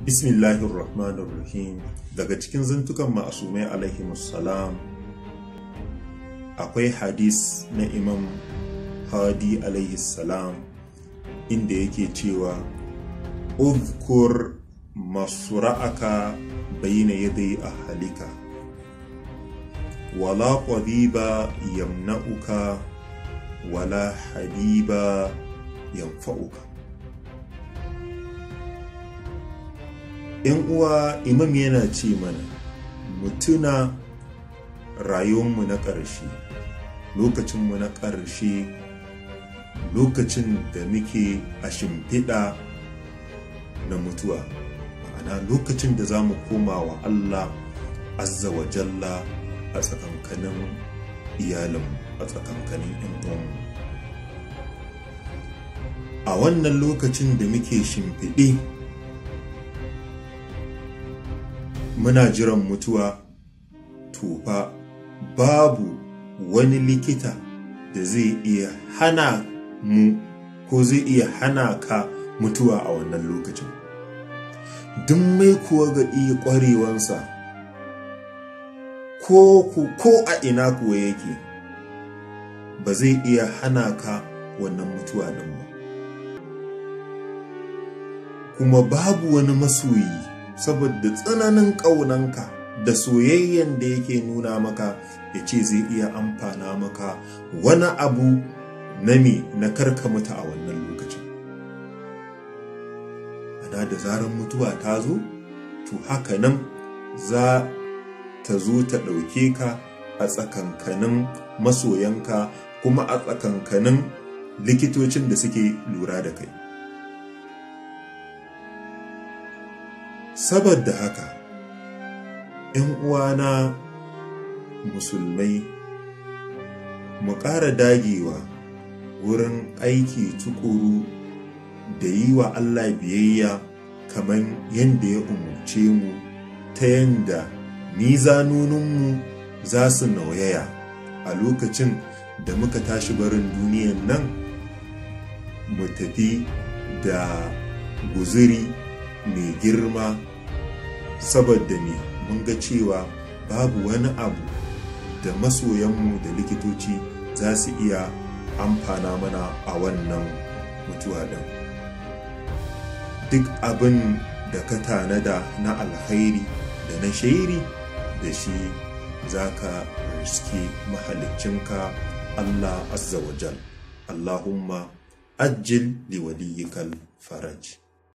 bismillahir daga cikin zantukan ma'asumai alaihi salam akwai hadis na imam hadi alaihi salam inda yake cewa uzkur masura'aka bayna yadai halika wala qadiba yamna'uka wala habiba yanfa'uka 'yan uwa imam yana ce mana mutuna rayuwarmu na ƙarshe lokacinmu na ƙarshe lokacin da muke a shimfiɗa na mutuwa ma'ana lokacin da za mu koma wa allah azza wa jalla a tsakankanin iyalinmu a tsakankanin 'yan uwanmu a wannan lokacin da muke shimfiɗe muna jiran mutuwa to fa babu wani likita da zai iya hana mu ko zai iya hana ka mutuwa a wannan lokacin duk mai kuwa ga iya ƙwarewansa ko a ina kuwa yake ba zai iya hana ka wannan mutuwa nan ba kuma babu wani masoyi saboda tsananin ƙaunanka da soyayyen da yake nuna maka ya ce zai iya amfana maka wani abu na me na karka mutu a wannan lokacin ana da zarar mutuwa ta zo to haka nan za ta zo ta ɗauke ka a tsakankanin masoyanka kuma a tsakankanin likitocin da suke lura da kai saboda haka ‘yan uwana musulmai mu ƙara dagewa wurin aiki tukuru da yi wa Allah biyayya kamar yadda ya umarce mu ta yadda nizanoninmu za su nauyaya a lokacin da muka tashi barin duniyan nan mu tafi da guzuri mai girma saboda ne mun ga cewa babu wani abu da masoyanmu da likitoci za su iya amfana mana a wannan mutuwa ɗin duk abin da ka tanada na alkhairi da na shairi da shi za ka riski mahalicinka allah azza wajal allahumma ajil liwaliyikal faraj